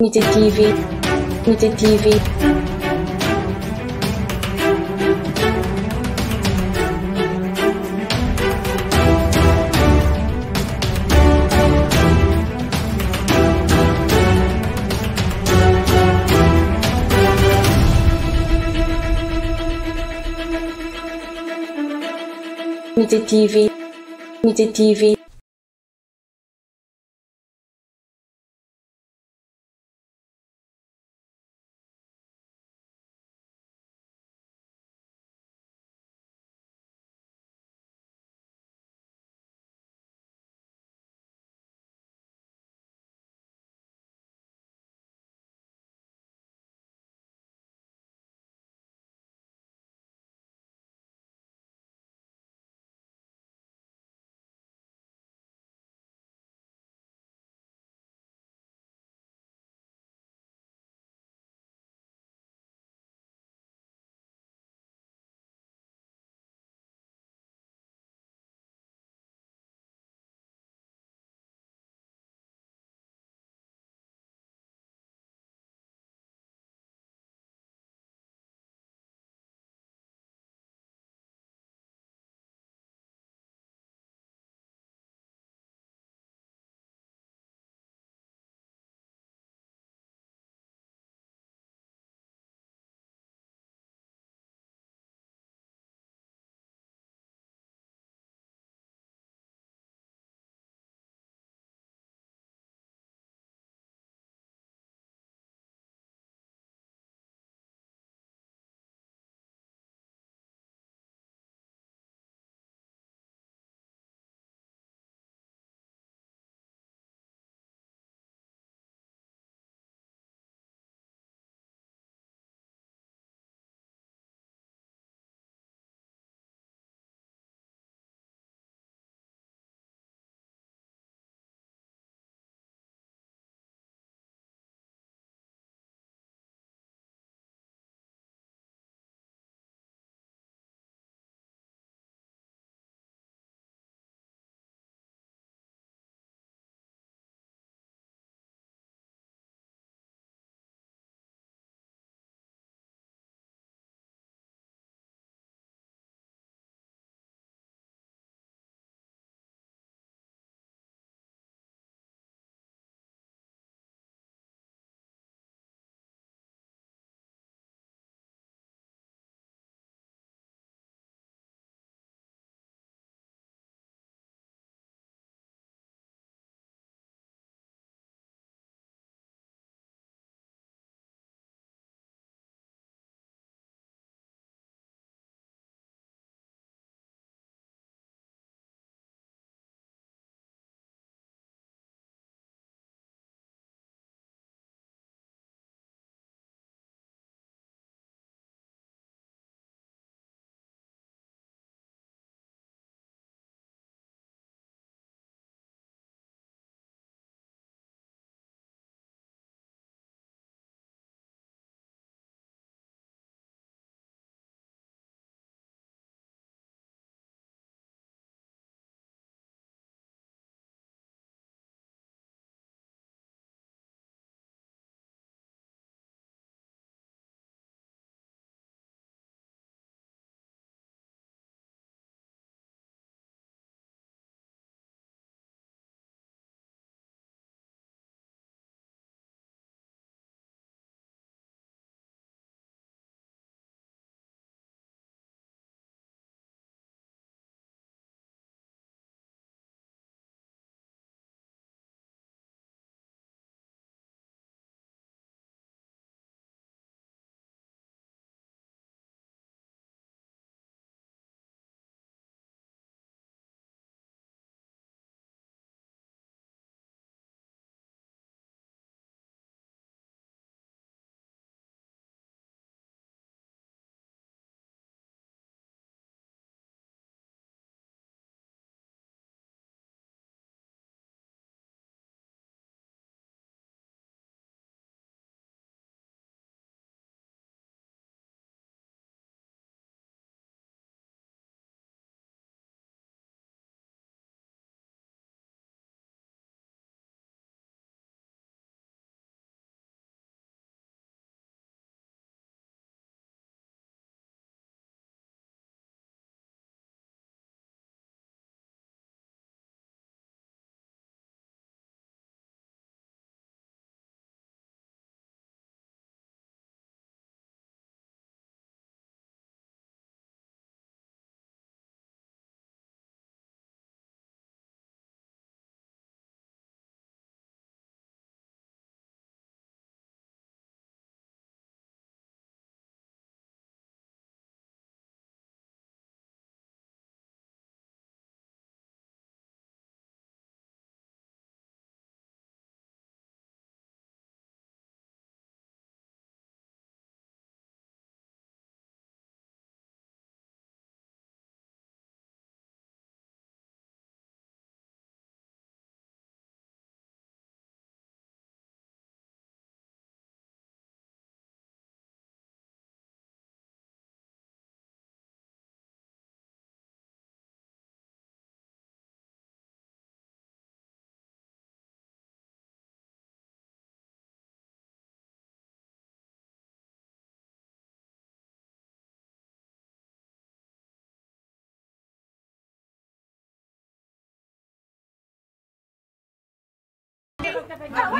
Mitte TV, Mitte TV. Mitte TV, Mitte TV.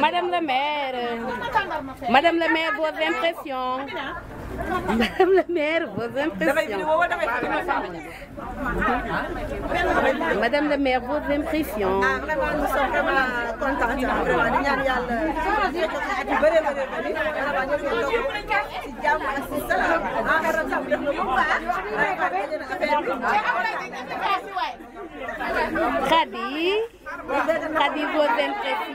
Madame la maire, Madame la maire, vos impressions. Madame la maire, vos impressions. Madame la maire, vos impressions. Ah, vraiment, nous sommes vous avez dit vos impressions.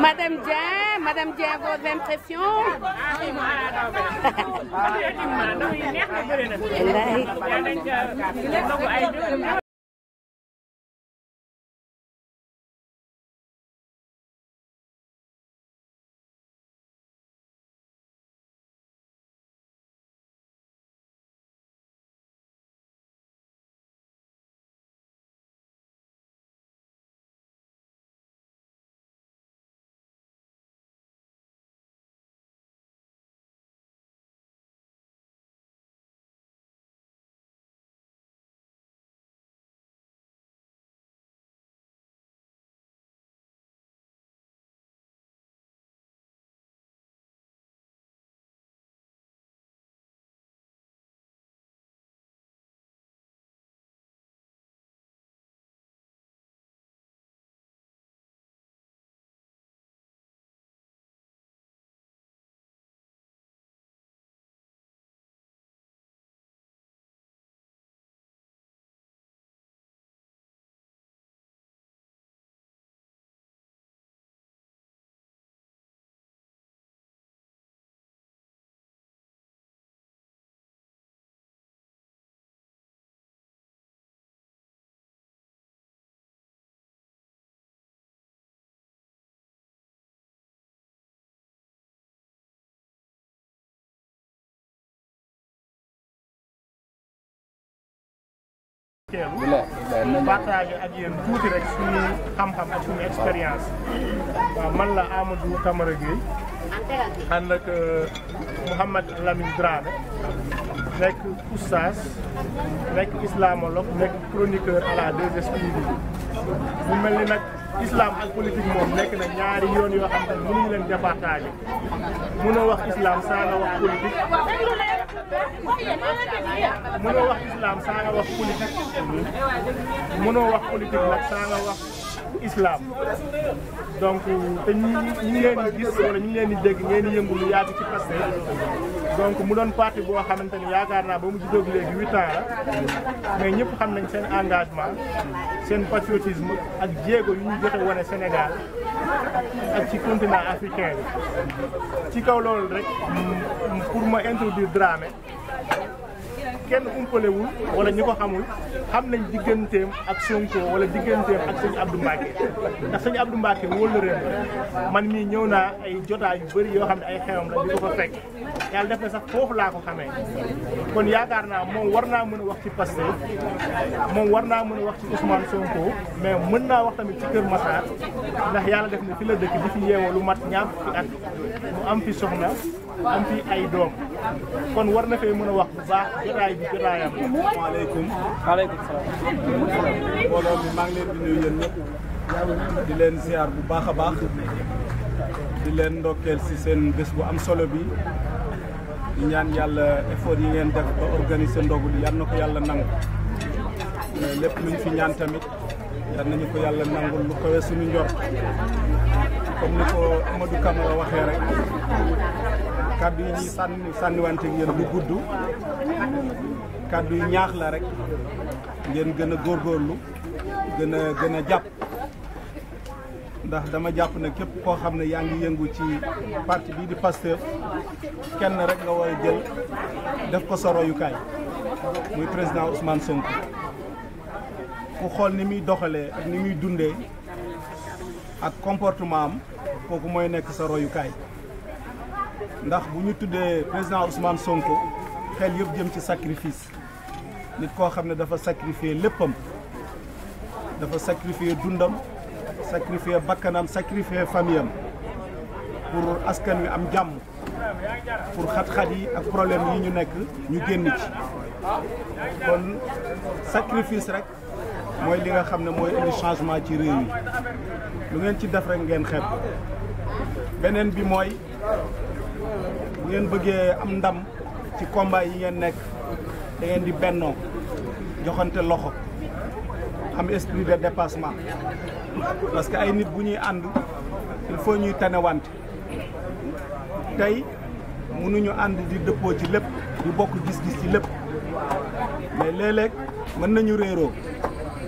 Madame Dien, Madame Dien, vos impressions ah, teelu partagé ak yéen tuuti rek suñu xam-xam ak suñu expérience man la Amadou Camara Gueye ànd ak euh, Mouhamad Lamine Dramé nekk oustaz nekk islamologue nekk chroniqueur à la 2STV mu mel ni nag islam ak politique moom nekk na ñaari yoon yoo wax islam saa nga wax politique mënoo wax wax politique mënoo wax wax bu islam donc euh, te ñu ngi leen gis walla ñu ngi leen di dégg ngeen di yëngu lu ci Pastef donc mu doon parti boo xamante ni yaakaar naa ba mu juddoo léegi huit ans la ñëpp xam nañ seen engagement seen patriotisme ak jéego yu ñu joxe wane Sénégal ak ci continent africain ci kaw loolu rek pour ma introduire Dramé kenn umpalewul wala ñu ko xamul xam nañ digganteem ak Sonko wala digganteem ak sëñ Abdou Mbacke ndax sëñ Abdou Mbacke wóolu réew man mii ñëw naa ay jotaay yu bëri yoo xam ne ay xewam la di ko fa fekk yàlla def na sax foofu laa ko xamee kon yaakaar naa moom war naa mën a wax ci Pastef moom war naa mën a wax ci Ousmane Sonko mais mën naa wax tamit ci Kër Massar ndax yàlla def na fi la dëkk di fi yeewoo lu mat ñaar fukki at mu am fi soxna am fi ay doom kon war na fee mën a wax bu baax jotaay bi jotaayam. maaleykum maaleykum salaam. mbooloo mi maa ngi leen di nuyu yéen di leen ziar bu baax a baax di leen ndokkeel si seen bés bu am solo bi di ñaan yàlla effort yi leen def ba organiser ndogu li na ko yàlla nangu lépp luñ fi ñaan tamit yal nañu ko yàlla nangul lu kawe suñu njort comme ni ko Amadou Camara waxee rek. kàddu yi ñuy sànni sànniwanteeg yéen bu gudd kàddu yi ñaax la rek ngeen gën a góor góorlu gën a gën a jàpp ndax dama jàpp na képp koo xam ne yaa ngi yëngu ci parti bii di Pastef kenn rek nga war a jël def ko sa royukaay muy président Ousmane Sonko ku xool ni muy doxalee ak ni muy dundee ak comportement am kooku mooy nekk sa royukaay ndax bu ñu tuddee président Ousmane Sonko xel yëpp jëm ci sacrifice nit koo xam ne dafa sacrifier léppam dafa sacrifier dundam sacrifier bakkanam sacrifier famiyam pour askan wi am jàmm pour xat-xat yi ak problème yi ñu nekk ñu génn ci kon sacrifice rek mooy li nga xam ne mooy indi changement ci réew yi lu ngeen ci def rek ngeen xeeb beneen bi mooy bu ngeen bëggee am ndam ci combat yi ngeen nekk da ngeen di benno joxante loxo am esprit de dépassement parce que ay nit bu ñuy ànd il faut ñuy tanewante tey mënuñu ànd di dëppoo ci lépp di bokk gis-gis ci lépp mais léeg-léeg mën nañu réeroo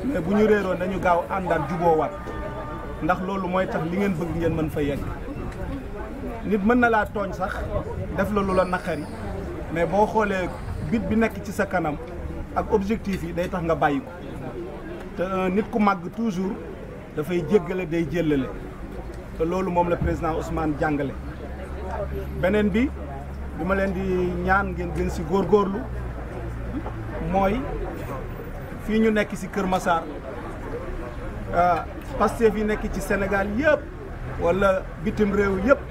mais bu ñu réeroo nañu gaaw àndaat juboowaat ndax loolu mooy tax li ngeen bëgg ngeen mën fa yegg nit mën na laa tooñ sax def la lu la naqari mais boo xoolee bit bi nekk ci sa kanam ak objectif yi day tax nga bàyyi ko te nit ku màgg toujours dafay jéggale day jéllale te loolu moom la président Ousmane jàngale beneen bi bi ma leen di ñaan ngeen gën si góorgóorlu mooy fii ñu nekk si Kër Massar ah, Pastef yi nekk ci Sénégal yëpp wala bitim réew yëpp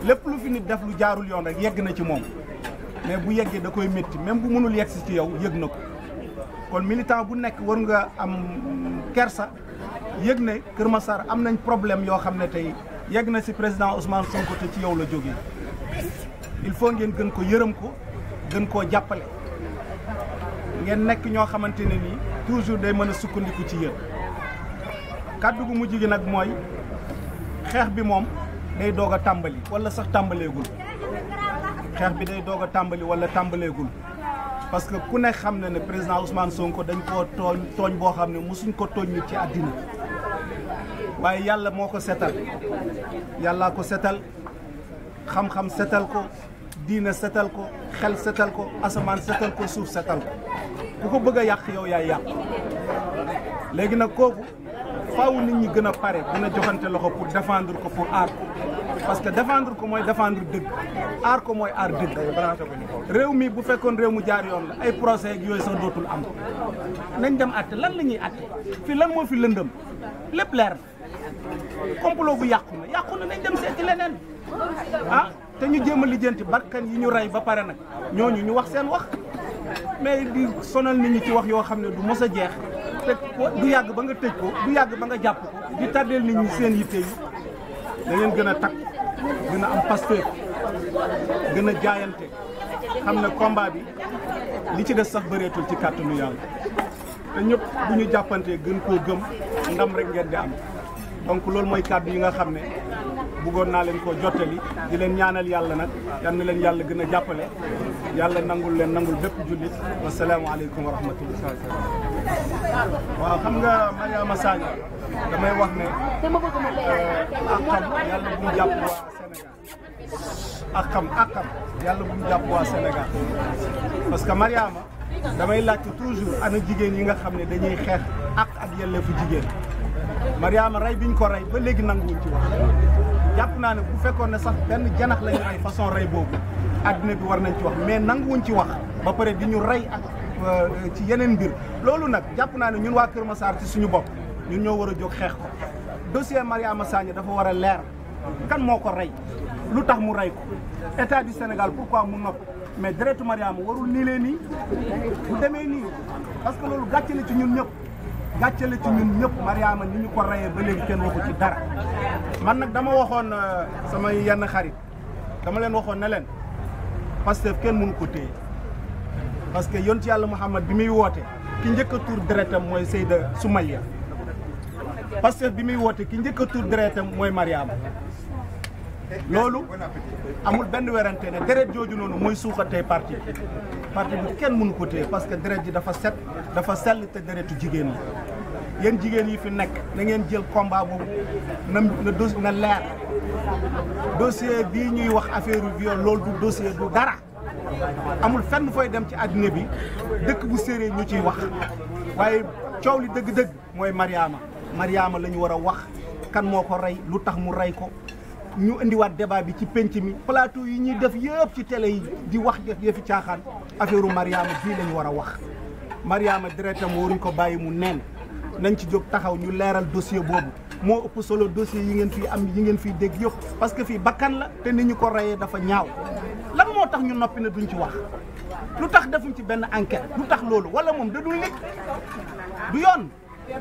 plus lu fi nit def lu jaarul yoon rek yegg ci moom mais bu yeggee da koy métti même bu mënul yegg si ci yow yëg kon militant bu nekk war nga am kersa yëg ne Massar am nañ problème yoo xam ne tey yegg président Ousmane Sonko ci yow la il faut ngeen gën ko yërëm ko gën koo jàppale ngeen nekk ñoo xamante ne toujours day mën a ci yéen kaddu gu mujj gi nag mooy day doog tàmbali wala sax tàmbaleegul xeex bi day doog a tàmbali wala tàmbaleegul parce que ku ne xam na ne président Ousmane Sonko dañ koo tooñ tooñ boo xam ne mosuñ ko tooñ nit ci àddina waaye yàlla moo ko setal yàllaa ko setal xam-xam setal ko diina setal ko xel setal ko asamaan setal ko suuf setal ko ku ko bëgg a yàq yow yaay yàq léegi nag kooku faaw nit ñi gën a pare gën a joxante loxo pour défendre ko pour aar ko parce que défendre ko mooy défendre dëgg aar ko mooy aar dëgg réew mi bu fekkoon réew mu jaar yoon la ay procès ak yooyu sax dootul am ko nañ dem àtte lan la ñuy àtte fii lan moo fi lëndëm lépp leer complot bu yàqu na yàqu na nañ dem seet seeti leneen ah te ñu jéem a lijjanti bakkan yi ñu rey ba pare nag ñooñu ñu wax seen wax mais di sonal nit ñi ci wax yoo xam ne du mos a jeex te du yàgg ba nga tëj ko du yàgg ba nga jàpp ko di tàddeel nit ñi seen yitte yi da gën a takk gën a am pasteur gën a jaayante xam ne combat bi li ci des sax bëreetul ci kàttanu yàlla te ñëpp bu ñu jàppantee gën koo gëm ndam rek ngeen di am donc loolu mooy kàddu yi nga xam ne bëggoon naa leen koo jottali di leen ñaanal yàlla nag yal na leen yàlla gën a jàppale yàlla nangul leen nangul bépp jullit aleykum wa rahmatullah waaw xam nga Mariama Sagna damay wax ne euh, akam yàlla bu jàpp waa Sénégal akam akam yàlla bu jàpp waa parce que Mariama damay laajte toujours ana jigéen yi nga xam ne dañuy xeex ak ak yelleefu jigéen Mariama rey biñ ko rey ba léegi nanguwuñ ci wax jàpp naa ne bu fekkoon ne sax benn janax la ay façon rey boobu adduna bi war nañ ci wax mais nanguwuñ ci wax ba pare di ñu rey ak euh, ci yeneen mbir loolu nag jàpp naa ne ñun waa Kër Massar ci suñu bopp ñun ñoo war a jóg xeex ko dossier Mariama Sagna dafa war a leer kan moo ko rey lu tax mu rey ko état du Sénégal pourquoi mu nopp mais deretu Mariama warul nii leen nii bu demee nii parce que loolu gàcce na ci ñun ñëpp gàcce la ci ñun ñëpp Mariama ni ñu ko reyee ba léegi kenn ko ci dara man nag dama waxoon euh, sama yenn xarit dama leen waxoon na leen Pastef kenn mënu ko téye parce que yoon ci yàlla Muhammad bi muy woote ki njëkka a tuur deretam mooy Seyda Soumaïa Pastef bi muy woote ki njëkk a tuur deretam mooy Mariama loolu amul benn werante ne deret jooju noonu mooy suuxatee parti parti bi kenn munu ko téye parce que deret ji dafa set dafa sell te deretu jigéen la yéen jigéen yi fi nekk na ngeen jël combat boobu na na na leer dossier bii ñuy wax affaire viol loolu du dossier du dara amul fenn fooy dem ci àddina bi dëkk bu séeréer ñu ciy wax waaye coow li dëgg-dëgg mooy Mariama Mariama la ñu war a wax kan moo ko rey lu tax mu rey ko ñu indiwaat débat bi ci penc mi plateau yi ñuy def yëpp ci télé yi di wax yëfi caaxaan affaire Mariama bii la ñu war a wax Mariama deretam waruñ ko bàyyi mu nen nañ ci jóg taxaw ñu leeral dossier boobu moo ëpp solo dossier yi ngeen fii am yi ngeen fiy dégg yëpp parce que fii bakkan la te ni ñu ko reyee dafa ñaaw lan moo tax ñu noppi na du ñu ci wax lu tax defuñ ci benn enquête lu tax loolu wala moom da du nit du yoon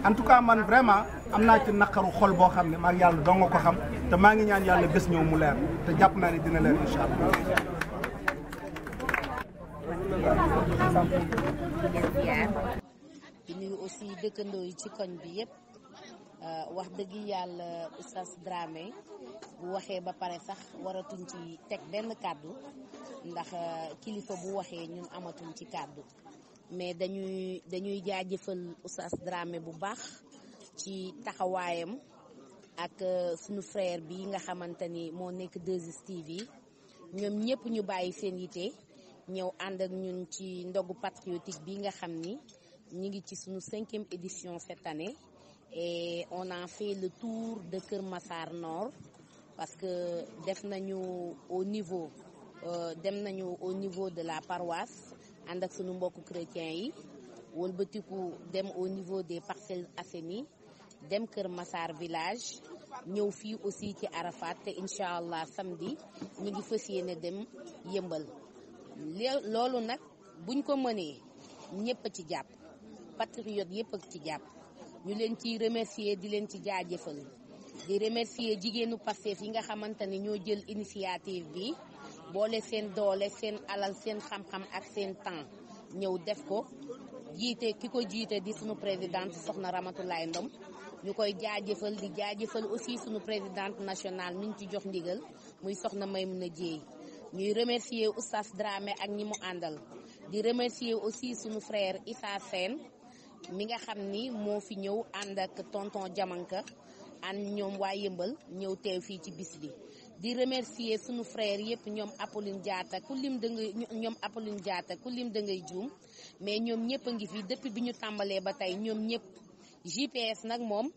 en tout cas man vraiment am naa ci naqaru xol boo xam ne maa ngi yàlla dong ko xam te maa ngi ñaan yàlla bés ñëw mu leer te jàpp naa ne dina leer incha allah aussi dëkkandoo yi ci koñ bi yëpp euh, wax dëgg yàlla Oustaz Dramé bu waxee ba pare sax waratuñ ci teg benn kàddu ndax euh, kilifa bu waxee ñun amatuñ ci kàddu mais dañuy dañuy jaajëfal Oustaz Dramé bu baax ci taxawaayam ak euh, sunu frère bi nga xamante ni moo nekk 2STV ñoom ñëpp ñu bàyyi seen yite ñëw ànd ak ñun ci ndogu patriotique bi nga xam ni Nous ngi ci 5 cinquième édition cette année et on a fait le tour de Kermassar Nord parce que def nañu au niveau euh, dem nañu au niveau de la paroisse ànd ak suñu de chrétiens yi sommes dem au niveau des Parcelles nous dem keur Massar village nous fi aussi ci Arafat te inshallah samedi ñi ngi fassiyene dem yembal lolu nak buñ ko mënee ñepp ci jàpp. patriote yëpp ak ci jàpp ñu leen ciy remercier di leen ci jëfal di remercier jigéenu Pastef yi nga xamante ne ñoo jël initiative bi boole seen doole seen alal seen xam-xam ak seen temps ñëw def ko jiite ki ko jiite di sunu présidente soxna Ramatoulaye Ndom ñu koy jaajëfal di jaajëfal aussi sunu présidente national mi ñu ci jox ndigal muy soxna a Jéey ñuy remercier oustaz Dramé ak ñi mu àndal di remercier aussi sunu frère Issa Sène mi nga xam ni moo fi ñëw ànd ak tonton Diamanka ànd ñoom waa yëmbal ñëw teew fii ci bis bi di remercier sunu frère yëpp ñoom Apolline Diatta ku lim da ngay ku lim da juum mais ñoom ñëpp a ngi fi depuis bi ñu tàmbalee ba tey ñoom ñëpp GPS nag moom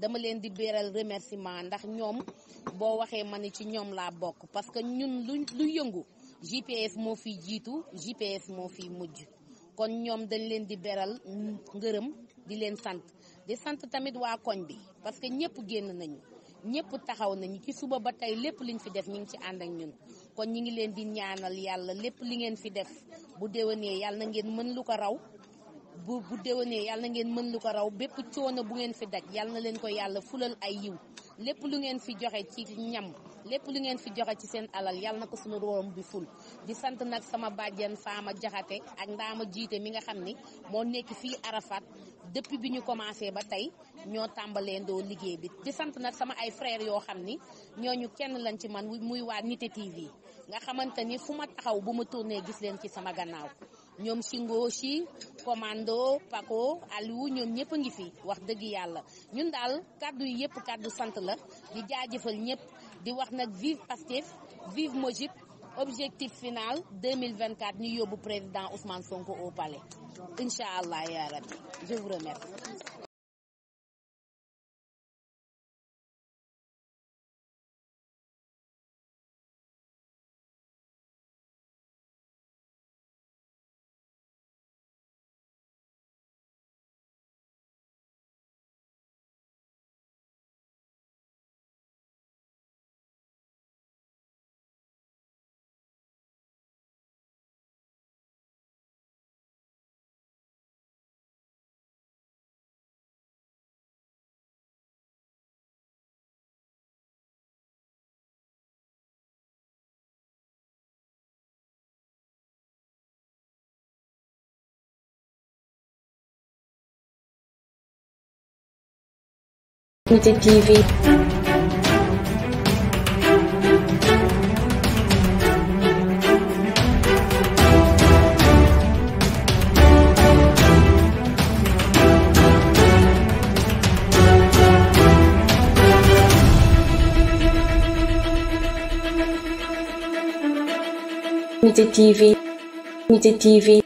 dama leen di beral remerciement ndax ñoom boo waxee ma ne ci ñoom laa bokk parce que ñun lu lu yëngu GPS moo fiy jiitu GPS moo fi mujj kon ñoom dañ leen di beral ngërëm di leen sant di sant tamit waa koñ bi parce que ñëpp génn nañu ñëpp taxaw nañu ci suba ba tey lépp li ñu fi def ñu ngi ci ànd ak ñun kon ñi ngi leen di ñaanal yàlla lépp li ngeen fi def bu déwénee yàlla na ngeen mën lu ko raw bu bu déwénee yàlla ngeen mën lu ko raw bépp coono bu ngeen fi daj yàlla na leen ko yàlla fulal ay yiw lépp lu ngeen fi joxe ci ñam lépp lu ngeen fi joxe ci seen alal yàlla na ko suñu room bi ful di sant nag sama bàjjen faama jaxate ak ndaama jiite mi nga xam ni moo nekk fii Arafat depuis bi ñu commencé ba tey ñoo tàmbalee ndoo liggéey bi di sant nag sama ay frères yoo xam ni ñooñu kenn lañ ci man muy waa Nitte TV nga xamante ni fu ma taxaw bu ma tourné gis leen ci sama gannaaw ñoom Singo si commando pako Aliou ñoom ñëpp a ngi fi wax dëgg yàlla ñun daal kàddu yi yëpp kàddu sant la di jaajëfal ñëpp di wax nag vive Pastef vive Mojib objectif final 2024 ñu yóbbu président Ousmane Sonko au palais incha allah yaa rabbi je vous remercie. detetive detetive detetive